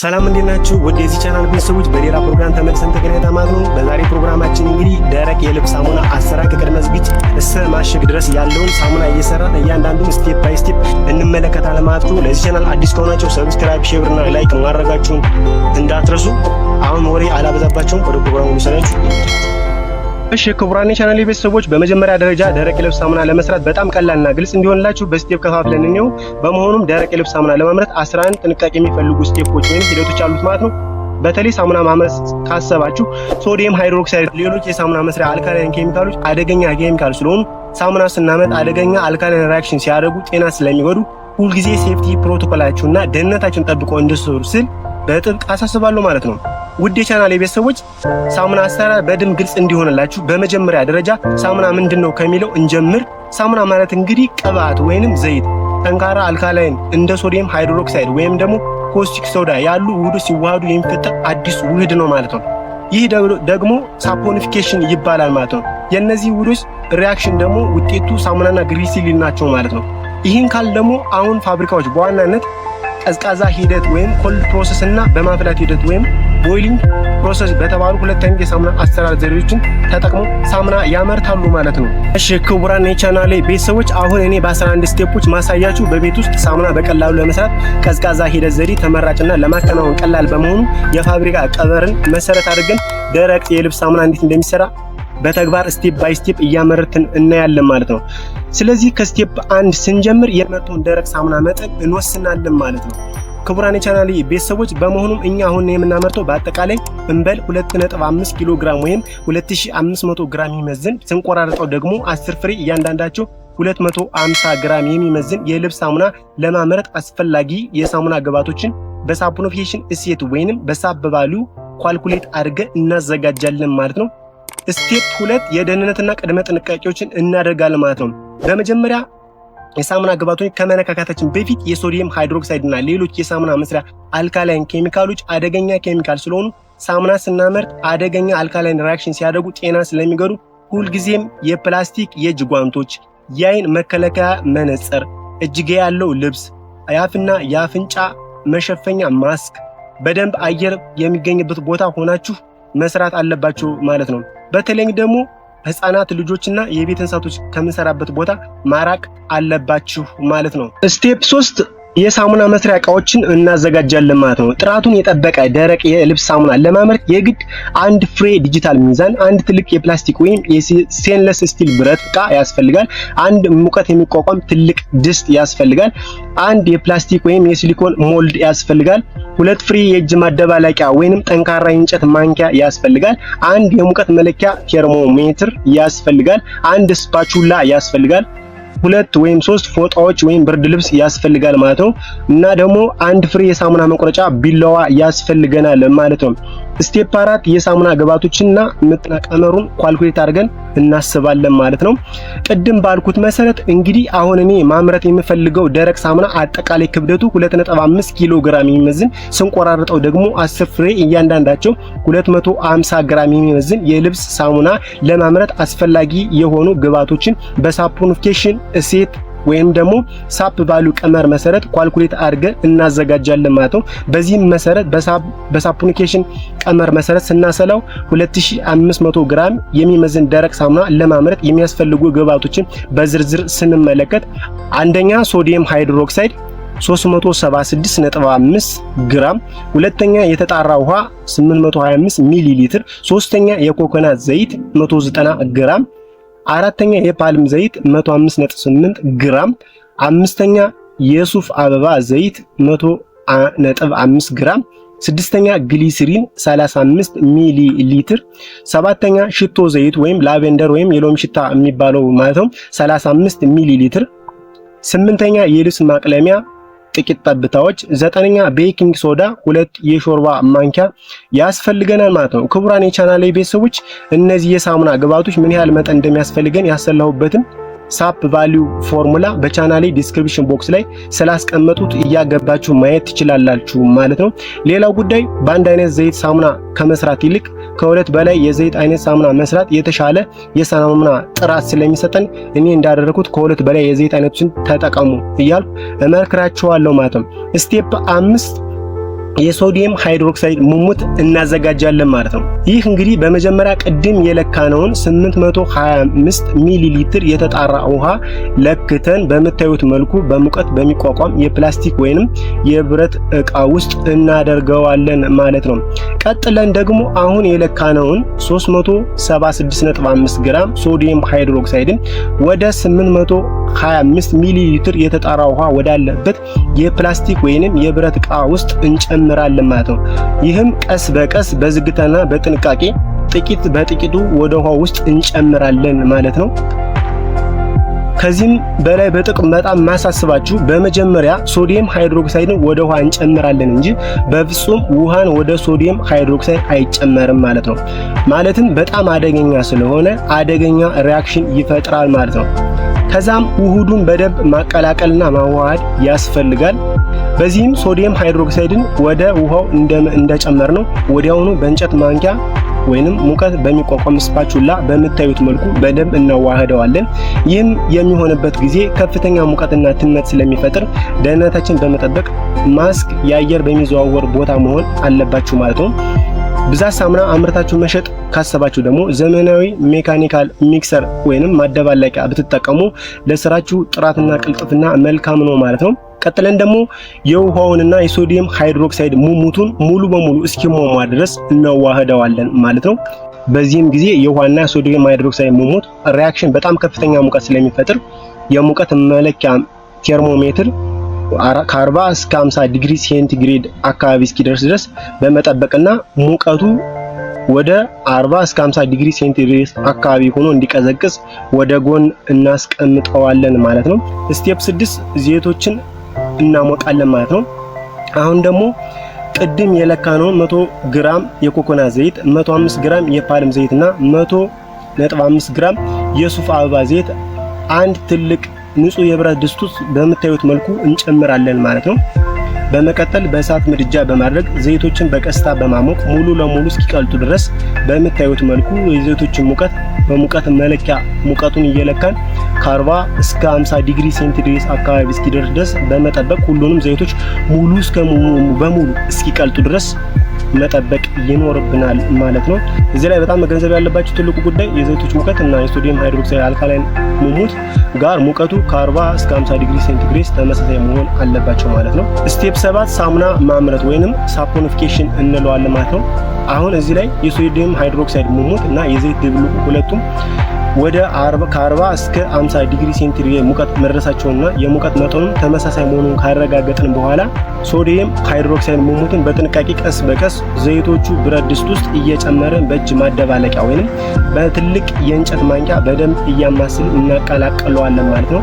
ሰላም እንዴት ናችሁ? ወደ እዚህ ቻናል ቤተሰቦች በሌላ ፕሮግራም ተመልሰን ተገናኝተን ነው። በዛሬ ፕሮግራማችን እንግዲህ ደረቅ የልብስ ሳሙና አሰራር ከቅድመ ዝግጅት እስከ ማሸግ ድረስ ያለውን ሳሙና እየሰራን እያንዳንዱን ስቴፕ ባይ ስቴፕ እንመለከታለን ማለት ነው። ለዚህ ቻናል አዲስ ከሆናችሁ ሰብስክራይብ፣ ሼር እና ላይክ ማድረጋችሁን እንዳትረሱ። አሁን ወሬ አላበዛባችሁም፣ ወደ ፕሮግራሙ ሰናችሁ እሺ ክቡራን የቻናሌ ቤተሰቦች በመጀመሪያ ደረጃ ደረቅ የልብስ ሳሙና ለመስራት በጣም ቀላልና ግልጽ እንዲሆንላችሁ በስቴፕ ከፋፍለን እንየው። በመሆኑም ደረቅ የልብስ ሳሙና ለማምረት 11 ጥንቃቄ የሚፈልጉ ስቴፖች ወይም ሂደቶች አሉት ማለት ነው። በተለይ ሳሙና ማምረት ካሰባችሁ ሶዲየም ሃይድሮክሳይድ፣ ሌሎች የሳሙና መስሪያ አልካላይን ኬሚካሎች አደገኛ ኬሚካል ስለሆኑ ሳሙና ስናመጥ አደገኛ አልካላይን ሪአክሽን ሲያደርጉ ጤና ስለሚጎዱ ሁልጊዜ ሴፍቲ ፕሮቶኮላችሁና ደህንነታችሁን ጠብቆ እንድትሰሩ ስል በጥብቅ አሳስባለሁ ማለት ነው። ውድ የቻናል የቤተሰቦች ሳሙና አሰራር በደንብ ግልጽ እንዲሆንላችሁ በመጀመሪያ ደረጃ ሳሙና ምንድን ነው ከሚለው እንጀምር። ሳሙና ማለት እንግዲህ ቅባት ወይንም ዘይት ጠንካራ አልካላይን እንደ ሶዲየም ሃይድሮክሳይድ ወይም ደግሞ ኮስቲክ ሶዳ ያሉ ውህዶች ሲዋሃዱ የሚፈጠር አዲስ ውህድ ነው ማለት ነው። ይህ ደግሞ ሳፖኒፊኬሽን ይባላል ማለት ነው። የእነዚህ ውህዶች ሪያክሽን ደግሞ ውጤቱ ሳሙናና ግሪሲሊን ናቸው ማለት ነው። ይህን ካል ደግሞ አሁን ፋብሪካዎች በዋናነት ቀዝቃዛ ሂደት ወይም ኮልድ ፕሮሰስ እና በማፍላት ሂደት ወይም ቦይሊንግ ፕሮሰስ በተባሉ ሁለት አይነት የሳሙና አሰራር ዘዴዎችን ተጠቅሞ ሳሙና ያመርታሉ ማለት ነው። እሺ ክቡራን የቻናሌ ቤተሰቦች አሁን እኔ በ11 ስቴፖች ማሳያችሁ በቤት ውስጥ ሳሙና በቀላሉ ለመስራት ቀዝቃዛ ሂደት ዘዴ ተመራጭና ለማከናወን ቀላል በመሆኑ የፋብሪካ ቀበርን መሰረት አድርገን ደረቅ የልብስ ሳሙና እንዴት እንደሚሰራ በተግባር ስቴፕ ባይ ስቴፕ እያመረትን እናያለን ማለት ነው። ስለዚህ ከስቴፕ አንድ ስንጀምር የምርቱን ደረቅ ሳሙና መጠን እንወስናለን ማለት ነው። ክቡራን የቻናል ቤተሰቦች በመሆኑም እኛ አሁን የምናመርተው በአጠቃላይ እንበል 2.5 ኪሎ ግራም ወይም 2500 ግራም የሚመዝን ስንቆራረጠው ደግሞ 10 ፍሬ እያንዳንዳቸው 250 ግራም የሚመዝን የልብስ ሳሙና ለማምረት አስፈላጊ የሳሙና ግብዓቶችን በሳፖኒፊኬሽን እሴት ወይንም በሳብ ኳልኩሌት አድርገ እናዘጋጃለን ማለት ነው። ስቴፕ ሁለት የደህንነትና ቅድመ ጥንቃቄዎችን እናደርጋለን ማለት ነው። በመጀመሪያ የሳሙና ግባቶች ከመነካካታችን በፊት የሶዲየም ሃይድሮክሳይድ እና ሌሎች የሳሙና መስሪያ አልካላይን ኬሚካሎች አደገኛ ኬሚካል ስለሆኑ ሳሙና ስናመርት አደገኛ አልካላይን ሪያክሽን ሲያደርጉ ጤና ስለሚገሩ ሁልጊዜም የፕላስቲክ የእጅ ጓንቶች፣ የአይን መከለከያ መነጽር፣ እጅጌ ያለው ልብስ፣ የአፍና የአፍንጫ መሸፈኛ ማስክ በደንብ አየር የሚገኝበት ቦታ ሆናችሁ መስራት አለባችሁ ማለት ነው። በተለይም ደግሞ ህጻናት ልጆችና የቤት እንስሳቶች ከምንሰራበት ቦታ ማራቅ አለባችሁ ማለት ነው። ስቴፕ ሶስት የሳሙና መስሪያ እቃዎችን እናዘጋጃለን ማለት ነው። ጥራቱን የጠበቀ ደረቅ የልብስ ሳሙና ለማምረት የግድ አንድ ፍሬ ዲጂታል ሚዛን፣ አንድ ትልቅ የፕላስቲክ ወይም የስቴንለስ ስቲል ብረት እቃ ያስፈልጋል። አንድ ሙቀት የሚቋቋም ትልቅ ድስት ያስፈልጋል። አንድ የፕላስቲክ ወይም የሲሊኮን ሞልድ ያስፈልጋል። ሁለት ፍሬ የእጅ ማደባለቂያ ወይንም ጠንካራ የእንጨት ማንኪያ ያስፈልጋል። አንድ የሙቀት መለኪያ ቴርሞሜትር ያስፈልጋል። አንድ ስፓቹላ ያስፈልጋል። ሁለት ወይም ሶስት ፎጣዎች ወይም ብርድ ልብስ ያስፈልጋል ማለት ነው። እና ደግሞ አንድ ፍሬ የሳሙና መቁረጫ ቢላዋ ያስፈልገናል ማለት ነው። ስቴፕ አራት የሳሙና ግባቶችንና ምጥና ቀመሩን ኳልኩሌት አድርገን እናስባለን ማለት ነው። ቅድም ባልኩት መሰረት እንግዲህ አሁን እኔ ማምረት የምፈልገው ደረቅ ሳሙና አጠቃላይ ክብደቱ 2.5 ኪሎ ግራም የሚመዝን ስንቆራርጠው ደግሞ 10 ፍሬ እያንዳንዳቸው 250 ግራም የሚመዝን የልብስ ሳሙና ለማምረት አስፈላጊ የሆኑ ግባቶችን በሳፖኒፊኬሽን እሴት ወይም ደግሞ ሳፕ ባሉ ቀመር መሰረት ኳልኩሌት አድርገን እናዘጋጃለን ማለት ነው። በዚህም መሰረት በሳፕኒኬሽን ቀመር መሰረት ስናሰላው 2500 ግራም የሚመዝን ደረቅ ሳሙና ለማምረት የሚያስፈልጉ ግብአቶችን በዝርዝር ስንመለከት አንደኛ ሶዲየም ሃይድሮክሳይድ 376.5 ግራም፣ ሁለተኛ የተጣራ ውሃ 825 ሚሊ ሊትር፣ ሶስተኛ የኮኮናት ዘይት 190 ግራም አራተኛ የፓልም ዘይት 105.8 ግራም፣ አምስተኛ የሱፍ አበባ ዘይት 100.5 ግራም፣ ስድስተኛ ግሊሰሪን 35 ሚሊ ሊትር፣ ሰባተኛ ሽቶ ዘይት ወይም ላቬንደር ወይም የሎሚ ሽታ የሚባለው ማለት ነው 35 ሚሊ ሊትር፣ ስምንተኛ የልብስ ማቅለሚያ ጥቂት ጠብታዎች፣ ዘጠነኛ ቤኪንግ ሶዳ ሁለት የሾርባ ማንኪያ ያስፈልገናል ማለት ነው። ክቡራን የቻናሌ ቤተሰቦች እነዚህ የሳሙና ግብአቶች ምን ያህል መጠን እንደሚያስፈልገን ያሰላሁበትን ሳፕ ቫሊዩ ፎርሙላ በቻናሌ ዲስክሪፕሽን ቦክስ ላይ ስላስቀመጡት እያገባችሁ ማየት ትችላላችሁ ማለት ነው። ሌላው ጉዳይ በአንድ አይነት ዘይት ሳሙና ከመስራት ይልቅ ከሁለት በላይ የዘይት አይነት ሳሙና መስራት የተሻለ የሳሙና ጥራት ስለሚሰጠን እኔ እንዳደረኩት ከሁለት በላይ የዘይት አይነቶችን ተጠቀሙ እያልኩ እመክራችኋለሁ ማለት ነው። ስቴፕ አምስት የሶዲየም ሃይድሮክሳይድ ሙሙት እናዘጋጃለን ማለት ነው። ይህ እንግዲህ በመጀመሪያ ቅድም የለካነውን 825 ሚሊ ሊትር የተጣራ ውሃ ለክተን በምታዩት መልኩ በሙቀት በሚቋቋም የፕላስቲክ ወይንም የብረት ዕቃ ውስጥ እናደርገዋለን ማለት ነው። ቀጥለን ደግሞ አሁን የለካነውን 376.5 ግራም ሶዲየም ሃይድሮክሳይድን ወደ 825 ሚሊ ሊትር የተጣራ ውሃ ወዳለበት የፕላስቲክ ወይንም የብረት ዕቃ ውስጥ እንጨምራለን ማለት ነው። ይህም ቀስ በቀስ በዝግታና በጥንቃቄ ጥቂት በጥቂቱ ወደ ውሃ ውስጥ እንጨምራለን ማለት ነው። ከዚህም በላይ በጥቅም በጣም ማሳስባችሁ በመጀመሪያ ሶዲየም ሃይድሮክሳይድን ወደ ውሃ እንጨምራለን እንጂ በፍጹም ውሃን ወደ ሶዲየም ሃይድሮክሳይድ አይጨመርም ማለት ነው። ማለትም በጣም አደገኛ ስለሆነ አደገኛ ሪያክሽን ይፈጥራል ማለት ነው። ከዛም ውሁዱን በደንብ ማቀላቀልና ማዋሃድ ያስፈልጋል። በዚህም ሶዲየም ሃይድሮክሳይድን ወደ ውሃው እንደጨመር ነው ወዲያውኑ በእንጨት ማንኪያ ወይንም ሙቀት በሚቋቋም ስፓቹላ በምታዩት መልኩ በደንብ እናዋህደዋለን። ይህም የሚሆንበት ጊዜ ከፍተኛ ሙቀትና ትነት ስለሚፈጥር ደህንነታችን በመጠበቅ ማስክ የአየር በሚዘዋወር ቦታ መሆን አለባችሁ ማለት ነው። ብዛት ሳሙና አምርታችሁ መሸጥ ካሰባችሁ ደግሞ ዘመናዊ ሜካኒካል ሚክሰር ወይንም ማደባለቂያ ብትጠቀሙ ለስራችሁ ጥራትና ቅልጥፍና መልካም ነው ማለት ነው። ቀጥለን ደግሞ የውሃውንና የሶዲየም ሃይድሮክሳይድ ሙሙቱን ሙሉ በሙሉ እስኪሟሟ ድረስ እናዋህደዋለን ማለት ነው። በዚህም ጊዜ የውሃና ሶዲየም ሃይድሮክሳይድ ሙሙት ሪያክሽን በጣም ከፍተኛ ሙቀት ስለሚፈጥር የሙቀት መለኪያ ቴርሞሜትር ከ40 እስከ 50 ዲግሪ ሴንቲግሬድ አካባቢ እስኪደርስ ድረስ በመጠበቅና ሙቀቱ ወደ 40 እስከ 50 ዲግሪ ሴንቲግሬድ አካባቢ ሆኖ እንዲቀዘቅዝ ወደ ጎን እናስቀምጠዋለን ማለት ነው። ስቴፕ 6 ዘይቶችን እናሞቃለን ማለት ነው። አሁን ደግሞ ቅድም የለካነውን 100 ግራም የኮኮና ዘይት 105 ግራም የፓልም ዘይት እና 105 5 ግራም የሱፍ አበባ ዘይት አንድ ትልቅ ንጹህ የብረት ድስት ውስጥ በምታዩት መልኩ እንጨምራለን ማለት ነው። በመቀጠል በእሳት ምድጃ በማድረግ ዘይቶችን በቀስታ በማሞቅ ሙሉ ለሙሉ እስኪቀልጡ ድረስ በምታዩት መልኩ የዘይቶችን ሙቀት በሙቀት መለኪያ ሙቀቱን እየለካን ከ40 እስከ 50 ዲግሪ ሴንቲግሬድ አካባቢ እስኪደርስ ድረስ በመጠበቅ ሁሉንም ዘይቶች ሙሉ እስከ በሙሉ እስኪቀልጡ ድረስ መጠበቅ ይኖርብናል ማለት ነው። እዚህ ላይ በጣም መገንዘብ ያለባቸው ትልቁ ጉዳይ የዘይቶች ሙቀት እና የሶዲየም ሃይድሮክሳይድ አልካላይን ሙሙት ጋር ሙቀቱ ከ40 እስከ 50 ዲግሪ ሴንቲግሬድ ተመሳሳይ መሆን አለባቸው ማለት ነው። ስቴፕ ሰባት ሳሙና ማምረት ወይንም ሳፖኒፊኬሽን እንለዋለን ማለት ነው። አሁን እዚህ ላይ የሶዲየም ሃይድሮክሳይድ ሙሙት እና የዘይት ድብልቁ ሁለቱም ወደ ከ40 እስከ 50 ዲግሪ ሴንቲግሬድ ሙቀት መድረሳቸውና የሙቀት መጠኑም ተመሳሳይ መሆኑን ካረጋገጥን በኋላ ሶዲየም ሃይድሮክሳይድ መሞትን በጥንቃቄ ቀስ በቀስ ዘይቶቹ ብረት ድስት ውስጥ እየጨመረን በእጅ ማደባለቂያ ወይም በትልቅ የእንጨት ማንኪያ በደንብ እያማስል እናቀላቀለዋለን ማለት ነው።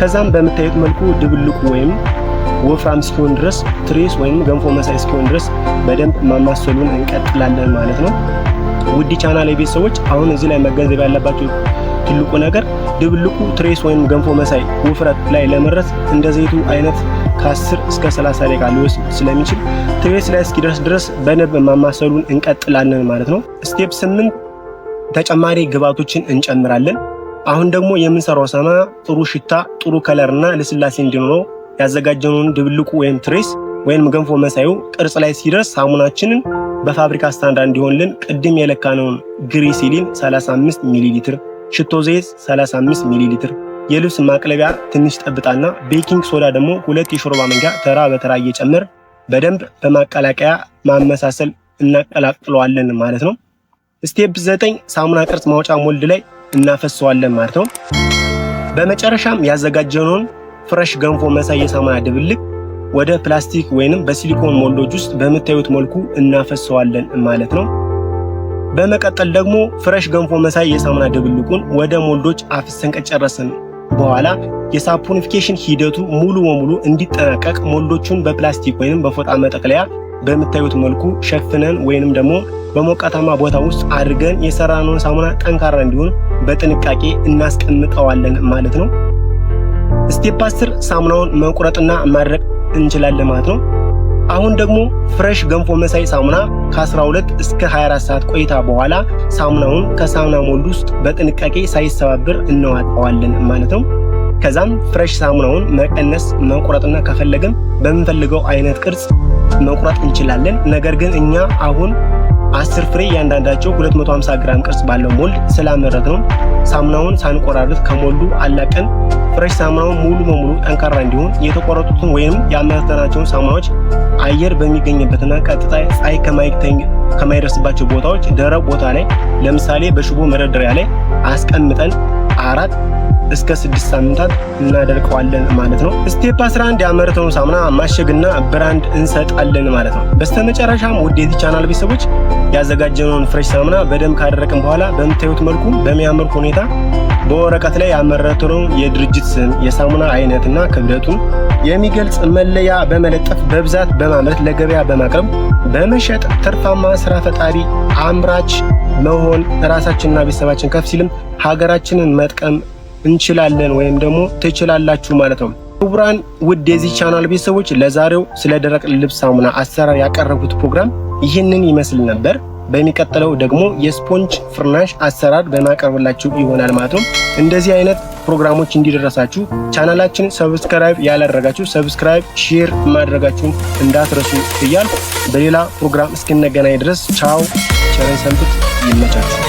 ከዛም በምታዩት መልኩ ድብልቁ ወይም ወፍራም እስኪሆን ድረስ ትሬስ ወይም ገንፎ መሳይ እስኪሆን ድረስ በደንብ ማማሰሉን እንቀጥላለን ማለት ነው። ውድ ቻናል ቤተሰቦች አሁን እዚህ ላይ መገንዘብ ያለባቸው ትልቁ ነገር ድብልቁ ትሬስ ወይም ገንፎ መሳይ ውፍረት ላይ ለመድረስ እንደ ዘይቱ አይነት ከ10 እስከ 30 ደቂቃ ሊወስድ ስለሚችል ትሬስ ላይ እስኪደርስ ድረስ በደንብ ማማሰሉን እንቀጥላለን ማለት ነው። ስቴፕ 8 ተጨማሪ ግብዓቶችን እንጨምራለን። አሁን ደግሞ የምንሰራው ሰማ ጥሩ ሽታ ጥሩ ከለርና ልስላሴ እንዲኖረው ያዘጋጀነውን ድብልቁ ወይም ትሬስ ወይም ገንፎ መሳዩ ቅርጽ ላይ ሲደርስ ሳሙናችንን በፋብሪካ ስታንዳርድ እንዲሆንልን ቅድም የለካነውን ግሪሲሊን 35 ሚሊ ሊትር፣ ሽቶ ዘይት 35 ሚሊ ሊትር፣ የልብስ ማቅለቢያ ትንሽ ጠብጣና ቤኪንግ ሶዳ ደግሞ ሁለት የሾርባ መንጋ ተራ በተራ እየጨመር በደንብ በማቀላቀያ ማመሳሰል እናቀላቅለዋለን ማለት ነው። ስቴፕ 9 ሳሙና ቅርጽ ማውጫ ሞልድ ላይ እናፈሰዋለን ማለት ነው። በመጨረሻም ያዘጋጀነውን ፍረሽ ገንፎ መሳይ የሳሙና ድብልቅ ወደ ፕላስቲክ ወይንም በሲሊኮን ሞልዶች ውስጥ በምታዩት መልኩ እናፈሰዋለን ማለት ነው። በመቀጠል ደግሞ ፍረሽ ገንፎ መሳይ የሳሙና ድብልቁን ወደ ሞልዶች አፍሰን ከጨረስን በኋላ የሳፖኒፊኬሽን ሂደቱ ሙሉ በሙሉ እንዲጠናቀቅ ሞልዶቹን በፕላስቲክ ወይንም በፎጣ መጠቅለያ በምታዩት መልኩ ሸፍነን ወይንም ደግሞ በሞቃታማ ቦታ ውስጥ አድርገን የሰራነውን ሳሙና ጠንካራ እንዲሆን በጥንቃቄ እናስቀምጠዋለን ማለት ነው። ስቴፕ 10 ሳሙናውን መቁረጥና ማድረቅ እንችላለን ማለት ነው። አሁን ደግሞ ፍሬሽ ገንፎ መሳይ ሳሙና ከ12 እስከ 24 ሰዓት ቆይታ በኋላ ሳሙናውን ከሳሙና ሞልድ ውስጥ በጥንቃቄ ሳይሰባብር እናዋጣዋለን ማለት ነው። ከዛም ፍሬሽ ሳሙናውን መቀነስ መቁረጥና ከፈለግም በምንፈልገው አይነት ቅርጽ መቁረጥ እንችላለን። ነገር ግን እኛ አሁን አስር ፍሬ እያንዳንዳቸው 250 ግራም ቅርጽ ባለው ሞልድ ስላመረት ነው ሳሙናውን ሳንቆራርጥ ከሞሉ አላቀን ፍሬሽ ሳሙናውን ሙሉ በሙሉ ጠንካራ እንዲሆን የተቆረጡትን ወይም ያመረተናቸውን ሳሙናዎች አየር በሚገኝበትና ቀጥታ ፀሐይ ከማይደርስባቸው ቦታዎች ደረቅ ቦታ ላይ ለምሳሌ በሽቦ መደርደሪያ ላይ አስቀምጠን አራት እስከ ስድስት ሳምንታት እናደርቀዋለን ማለት ነው። ስቴፕ 11 ያመረተውን ሳሙና ማሸግና ብራንድ እንሰጣለን ማለት ነው። በስተመጨረሻም ውዴት ቻናል ቤተሰቦች ያዘጋጀነውን ፍሬሽ ሳሙና በደንብ ካደረቅን በኋላ በምታዩት መልኩ በሚያምር ሁኔታ በወረቀት ላይ ያመረተውን የድርጅት ስም፣ የሳሙና አይነትና ክብደቱን የሚገልጽ መለያ በመለጠፍ በብዛት በማምረት ለገበያ በማቅረብ በመሸጥ ትርፋማ ስራ ፈጣሪ አምራች መሆን ራሳችንና ቤተሰባችን ከፍ ሲልም ሀገራችንን መጥቀም እንችላለን ወይም ደግሞ ትችላላችሁ ማለት ነው። ክቡራን ውድ የዚህ ቻናል ቤተሰቦች ለዛሬው ስለ ደረቅ ልብስ ሳሙና አሰራር ያቀረቡት ፕሮግራም ይህንን ይመስል ነበር። በሚቀጥለው ደግሞ የስፖንጅ ፍርናሽ አሰራር በማቀርብላችሁ ይሆናል ማለት ነው። እንደዚህ አይነት ፕሮግራሞች እንዲደረሳችሁ ቻናላችን ሰብስክራይብ ያላደረጋችሁ ሰብስክራይብ፣ ሼር ማድረጋችሁን እንዳትረሱ እያል በሌላ ፕሮግራም እስክንገናኝ ድረስ ቻው፣ ቸረን ሰንብት፣ ይመቻችሁ።